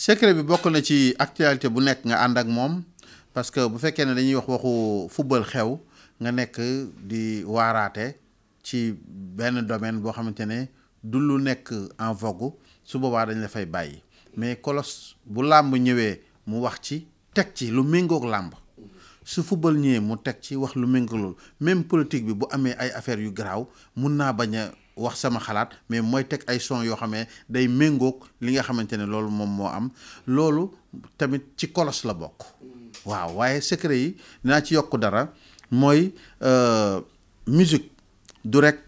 secret bi bokk na ci actualité bu nekk nga ànd ak moom parce que bu fekkee ne dañuy wax waxu football xew nga nekk di waaraate ci benn domaine boo xamante ne du lu nekk en vogue su boobaa dañ la fay bàyyi mais kolos bu làmb ñëwee mu wax ci teg ci lu méngoog làmb su football ñëwee mu teg ci wax lu méngoog loolu même politique bi bu amee ay affaires yu garaaw mun naa bañ a wax sama xalaat mais mooy teg ay son yoo xam ne day méngook li nga xamante ne loolu moom moo am loolu tamit ci kolos la bokk. waaw waaye secret yi dinaa ci yokk dara mooy euh, musique du rek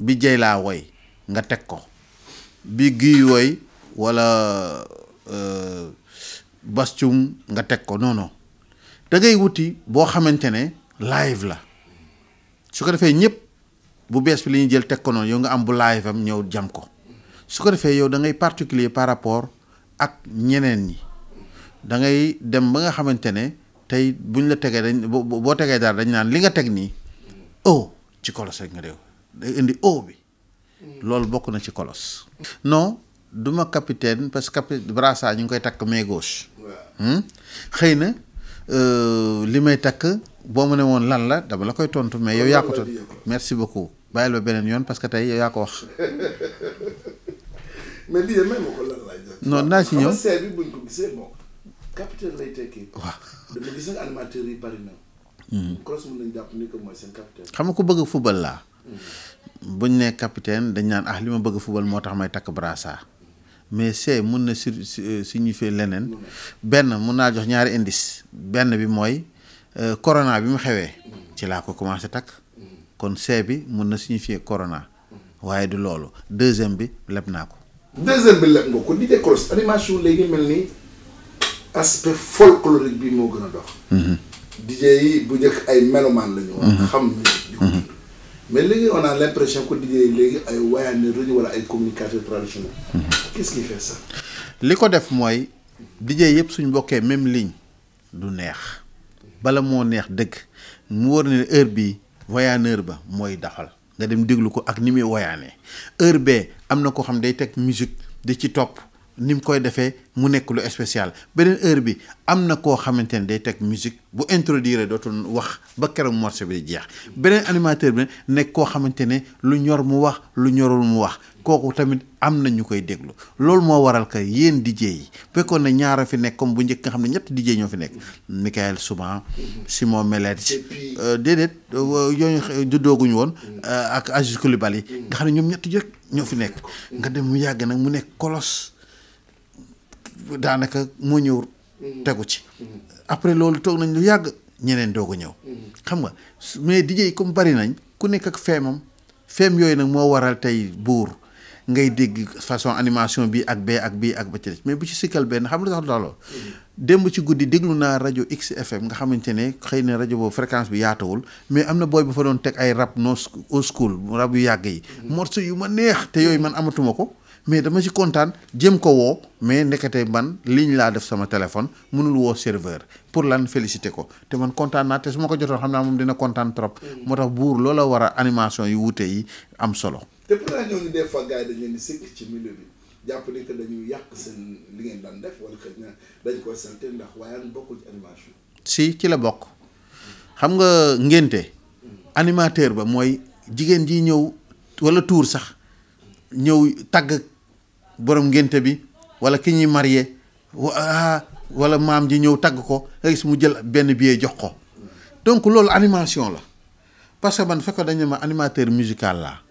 bi jay laa woy nga teg ko bi guy woy wala euh, bastum nga teg ko noonu non wuti boo xamante ne live la su ko defee ñëpp. bu bees bi li ñuy jël teg ko noonu yow nga am bu live am ñëw jam ko su ko defee yow dangay ngay particulier par rapport ak ñeneen ñi da ngay dem ba nga xamante ne tey buñ la tegee dañ boo tegee daal dañ naan li nga teg nii o ci kolos rek nga réew day indi o bi loolu bokk na ci kolos non duma capitaine parce que capi brassard ñu ngi koy takk mais gauche hmm? xëy na euh, li may takk boo ma ne woon lan la dama la koy tontu mais yow yaa ko tontu merci beaucoup bàyyil ba beneen yoon parce que tey yaa ko wax. mais lii ko ci ñëw bi ko bëgg football laa. Hmm. buñ ne capitaine dañ naan ah li ma bëgg football moo tax may takk brassard. mais C mun na sur euh, signifier leneen. Hmm. benn mun naa jox ñaari indice. benn bi mooy euh, corona bi mu xewee. Hmm. ci laa ko commencé takk. kon C bi mun na signifier corona waaye du loolu deuxième bi leb naa ko. deuxième bi leb nga ko di décroche animation léegi mel ni aspect folklorique bi moo gën a dox. Mhm. DJ yi bu njëkk ay mélomanes la ñu mhm. xam mhm. mais léegi on a l' impression que DJ yi léegi ay wayaane lañu wala ay communicateurs traditionnels. qu' est ce qui fait ça. li ko def mooy DJ yëpp suñ bokkee même ligne du neex bala moo neex dëgg mu wóor ne heure bii. voyaneur ba mooy doxal nga dem déglu ko ak ni muy voyaanee heure bee am na koo xam day teg musique di ci topp ni mu koy defee mu nekk lu spécial beneen heure bi am na koo xamante ne day teg musique bu introduire dootul wax ba keroog morceau bi di jeex beneen animateur bi nekk koo xamante ne lu ñor mu wax lu ñorul mu wax kooku tamit am na ñu koy déglu loolu moo waral que yéen DJ yi fekkoon na ñaara fi nekk comme bu njëkk nga xam ne ñett DJ ñoo fi nekk Michael Souma Simon Meledge euh, déedéet euh, yooyu juddooguñu woon euh, ak Aziz Coulibaly nga xam ne ñoom ñett jëkk ñoo fi nekk nga dem mu yàgg nag mu nekk kolos daanaka moo ñëw tegu ci après loolu toog nañ lu yàgg ñeneen doog a ñëw xam nga mais DJ yi comme bari nañ ku nekk ak feemam feem yooyu nag moo waral tey buur ngay dégg façon animation bi ak bee ak bii ak ba ci mais bu ci sikkal benn xam nga daal mm-hmm. démb ci guddi déglu naa rajo XFM nga xamante ne xëy na rajo boobu fréquence bi yaatawul mais am na booy bu fa doon teg ay rab no au school rap yu yàgg yi. Mm-hmm. morceau yu ma neex te yooyu man amatuma ko. mais dama ci kontaan jëm ko woo mais ndekete man ligne laa def sama téléphone mënul woo serveur pour lan félicité ko te man kontaan naa te su ma ko jotoon xam naa moom dina kontaan trop. Mm-hmm. moo tax war a animation yu wuute am solo. te pourtant ñooñu des fois yàq seen li ngeen daan def wala xëy bokkul ci animation. si ci la bokk xam nga ngénte hmm. animateur ba mooy jigéen ji ñëw wala tuur sax ñëw tagg borom ngénte bi wala ki ñuy marié wa ah, wala maam ji ñëw tagg ko nga gis mu jël benn billet jox ko hmm. donc loolu animation la parce que man fekk dañu ma animateur musical laa.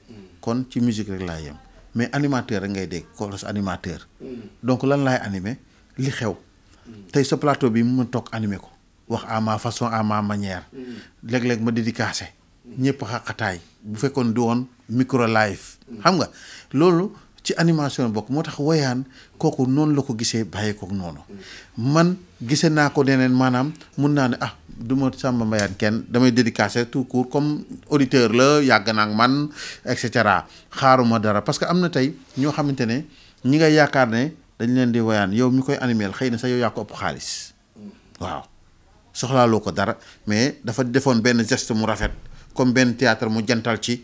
kon ci musique rek laay yem mais animateur rek ngay dégg kolos animateur donc lan lay animé li xew tey sa plateau bi mu tok animé ko wax à ma façon à ma manière léeg-léeg ma dédicacer ñepp xaqataay bu fekkon du won micro live xam nga lolu ci animation bokk moo tax woyaan kooku noonu la ko gisee bàyyi kook noonu man gisee naa ko neneen maanaam mun naa ne ah du ma Samba Mbayaan kenn damay dédicacé tout court comme auditeur la yàgg naa man et cetera xaaruma dara parce que am na tey ñoo xamante ne ñi ngay yaakaar ne dañ leen di woyaan yow mi koy animel xëy na sax yow yaa ko ëpp xaalis waaw soxlaaloo ko dara mais dafa defoon benn geste mu rafet comme benn théâtre mu jantal ci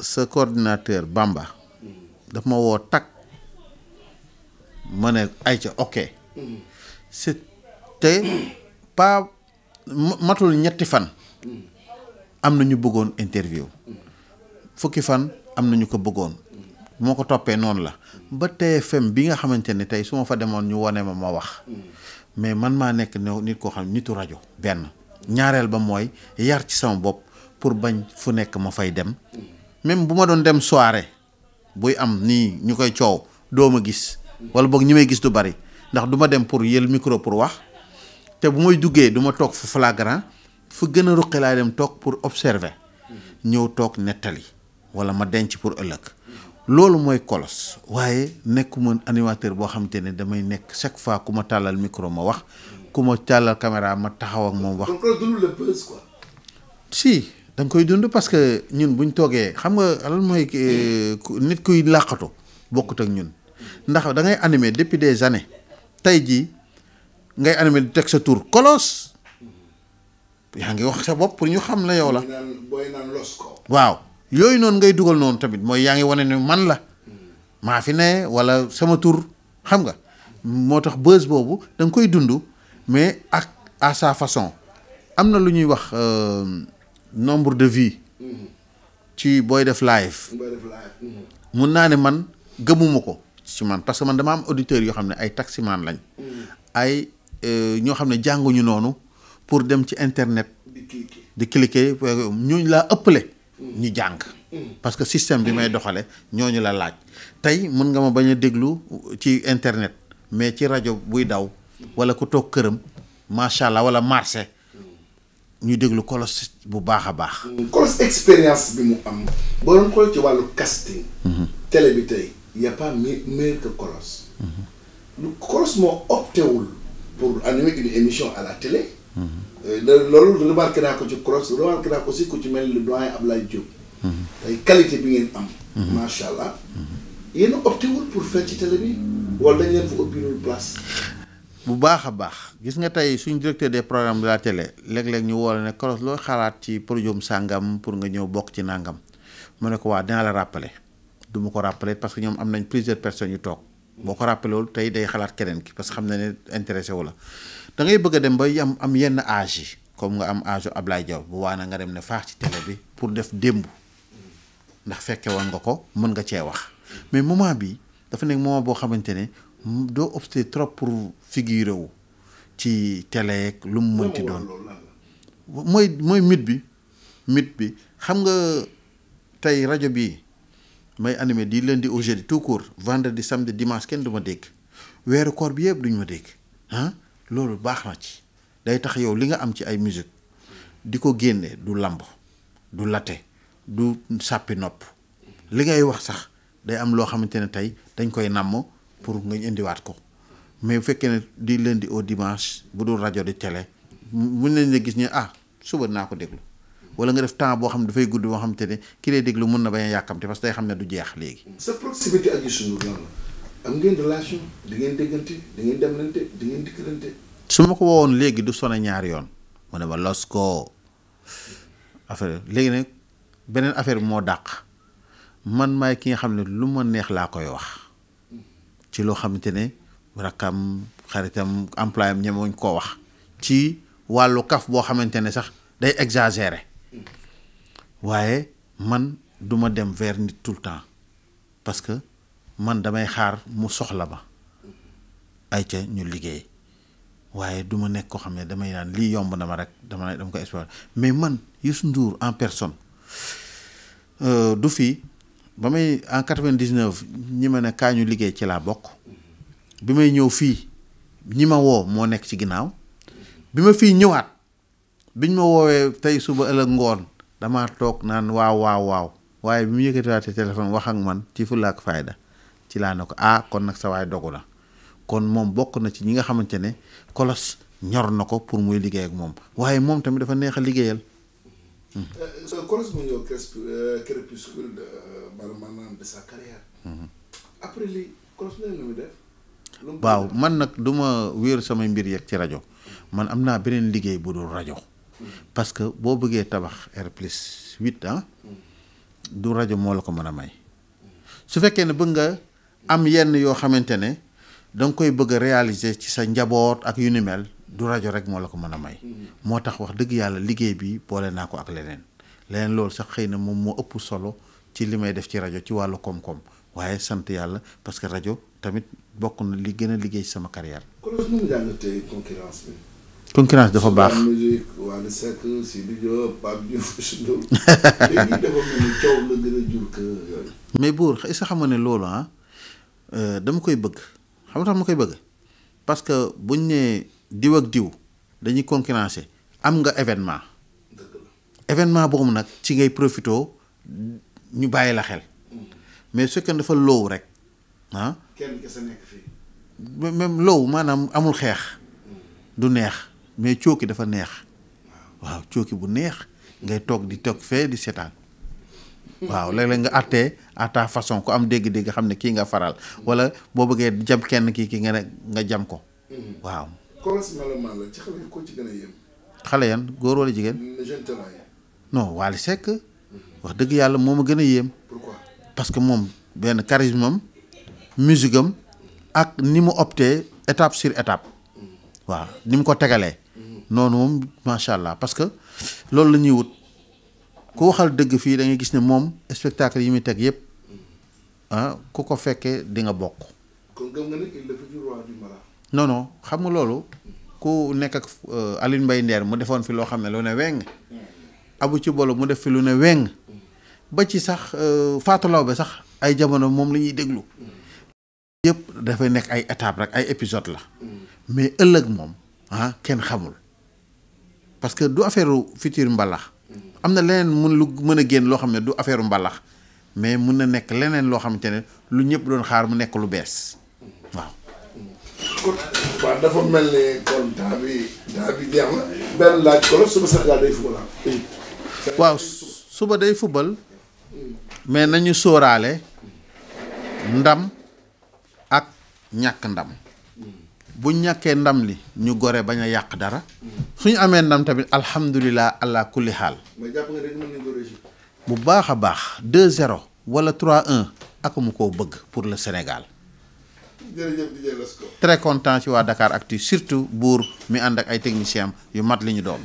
sa coordinateur bàmba daf ma woo takk ma ne ayca ok te pas matul ñetti fan am na ñu bëggoon interview fukki fan am na ñu ko bëggoon moo ko toppee noonu la ba TFM bi nga xamante ne tey su ma fa demoon ñu wane ma ma wax mais man maa nekk ne nit koo xam nitu rajo benn ñaareel ba mooy yar ci sama bopp pour bañ fu nekk ma fay dem même bu ma doon dem soirée buy am nii ñu koy coow doo ma gis wala boog ñi may gis du bari ndax du ma dem pour yël micro pour wax te bu may duggee duma ma toog fu flagrant fu gën a ruqi laay dem toog pour observer ñëw toog nettali wala ma denc pour ëllëg loolu mooy kolos waaye nekkuma animateur boo xamante ne damay nekk chaque fois ku ma tàllal micro ma wax ku ma tàllal caméra ma taxaw ak moom wax. da koy dund parce que ñun buñ toogee xam nga lan mooy euh, nit kuy làqatu bokkut ak ñun ndax da ngay animer depuis des années tey jii ngay animer du teg sa tur Colosse yaa ngi wax sa bopp pour ñu xam la yow la. waaw yooyu noonu ngay dugal noonu tamit mooy yaa ngi wane ne man la maa fi ne wala sama tur xam nga moo tax bës boobu da koy dund mais ak à sa façon am na lu ñuy wax. Euh, nombre de vies tu Boy def live mon mhm. man gëmuma ko parce que man dama am auditeurs yoo xam ay taximan lañ mhm. ay euh, ñoo pour dem ci internet di cliquer mhm. ñu l'a ëppale ñu parce que système bi may la laaj nga ma internet mais ci buy daw wala ku toog wala ñu déglu colosse bu baax a baax. Colos expérience bi mu am boo doon xool ci wàllu casting. Mhm. télé bi tay il y' a pas meilleur que Colos. Mhm. lu colosse mo opté wul pour animer une émission à la télé. Mhm. Euh, loolu remarqué na ko ci Colos remarqué na ko aussi ku ci mel le doyen Ablaye Diop. tay qualité bi ngeen am. macha allah. yéen a opté wul pour faire ci télé bi wala dañ leen fa ubbilul place. bu baax a baax gis nga tey suñ directeur des programmes de la tele léeg-léeg ñu woo la ne Koros loo xalaat ci projet sàngam pour nga ñëw bokk ci nàngam mu ne ko waa dinaa la rappeler du ma ko rappeler parce que ñoom am nañ plusieurs person yu toog boo ko rappelé tey day xalaat keneen ki parce que xam na ne intéressé wu la da ngay bëgg dem ba am am yenn âge yi comme nga am âge Ablaye Diaw bu waa na nga dem ne faax ci télé bi pour def démb ndax fekke woon nga ko mën nga cee wax mais moment bi dafa nekk moment boo xamante ne do opté trop pour figurer wu ci télé ak lu mu mënti doon moy moy mit bi mit bi xam nga tay radio bi may animé di lundi au jeudi tout court vendredi samedi dimanche ken duma ma dégg wéru koor bi yépp duñ ma dégg ah loolu baax na ci day tax yow li nga am ci ay musique di ko génne du lamb du late du sàppi nopp li ngay wax sax day am loo xamante ne tey dañ koy pour nga indiwaat ko mais bu fekkee ne di leen di au dimanche bu dul rajo di télé mun nañ la gis ñu ah suba naa ko déglu wala nga def temps boo xam ne dafay gudd boo xam ne ki déglu mun na bañ a yàkkamte parce xam ne du jeex léegi. sa proximité su ma ko woowoon léegi du sone ñaari yoon mu ne ma los ko affaire léegi nag beneen affaire bi moo dàq man maay ki nga xam ne lu ma neex laa koy wax. ci lo xamantene rakam rakkam xaritam employé am ñemewuñ koo wax ci walu kaf bo xamantene sax day exagérer waye man duma dem vers nit tout le temps parce que man damay xaar mu soxla ba ay ca ñu liggéey waaye du ma nekk koo xam ne damay naan lii yomb na ma rek dama dama ko exploiter mais man Youssou Ndour en personne euh, du fii ba may en 99 ñi ma ne kaañu liggéey ci laa bokk bi may ñëw fii ñi ma woo moo nekk ci ginnaaw bi ma fii ñëwaat biñ ma woowee tey suba ëllëg ngoon dama toog naan waaw waaw waaw waaye bi mu yëkkatiwaatee téléphone wax ak man ci fulla ak fayda ci laa ne ko ah kon nag sa waay dogu na kon moom bokk na ci ñi nga xamante ne kolos ñor na ko pour muy liggéey ak moom waaye moom tamit dafa neex a liggéeyal. ça correspond au waaw man nag duma ma wéeru samay mbir yeeg ci rajo man am naa beneen liggéey bu dul rajo. Mm-hmm. parce que boo bëggee tabax R plus huit ah, mm-hmm. du rajo moo la ko mën a may. su fekkee ne bëgg nga am yenn yoo xamante ne danga koy bëgg a réaliser ci sa njaboot ak yu ni mel. du rajo rek moo la ko mën a may. Mm-hmm. moo tax wax dëgg yàlla liggéey bi boole naa ko ak leneen leneen loolu sax xëy na moom moo ëpp solo ci li may def ci rajo ci wàllu koom waaye sant yàlla parce que rajo tamit bokk na li gën a liggéey ci sama carrière. kon loolu tey baax Wally Seck Sidy Diop Pape buur est-ce que ne loolu ah euh, dama koy bëgg xam tax ma koy bëgg parce buñ nee. diw ak diw dañuy concurrencer am nga événement événement boobu nag ci ngay profité ñu bàyyi la xel mais su fekkee dafa loow rek ah. kenn même loow maanaam amul xeex du neex mais cooki dafa neex waaw cooki bu neex ngay toog di toog fee di seetaan. waaw léeg-léeg nga àttee à ta façon ku am dégg-dégg xam ne kii nga faral wala boo bëggee jam kenn kii ki nga ne nga jam ko mm-hmm. waaw. xale yi koo ci a yan góor wala jigéen. jeune talent mhm. wax dëgg yàlla moom ma gën a yéem. pourquoi parce que moom benn charisme am musique ak ni mu opté étape sur étape. Mhm. waaw ni mu ko tegalee. Mhm. noonu moom macha allah parce que loolu la ñuy wut ku waxal dëgg fii da gis ne moom spectacle yi muy teg yëpp ah, ku ko fekkee dinga nga bokk. kon gëm xam nga loolu ku nekk ak euh, Alioune Mbaye Nder mu defoon fi loo xam ne lu ne weng abu ci bolo mu def fi lu ne weng ba ci sax euh, Fatou Laobé sax ay jamono moom la ñuy déglu yëpp dafay nekk ay étape rek ay épisode la mais ëllëg moom ah kenn xamul parce que du affaire futur mbalax am na leneen mun lu mën a génn loo xam ne du affaire mbalax mais mun na nekk leneen loo xamante ne lu ñëpp doon xaar mu nekk lu bees waaw waaw dafa mel ni kon suba day fubal ah. waaw suba day fubal mais nañu sóoraale ndam ak ñàkk ndam bu ñàkkee ndam li ñu gore bañ a yàq dara suñu amee ndam tamit alhamdulilah allah kulli xaal bu baax a baax 2-0 wala 3 en ak mu ko bëgg pour le Sénégal. jërëjëf content ci waa Dakar Actu surtout buur mi ànd ak ay techniciens yu mat li ñu doom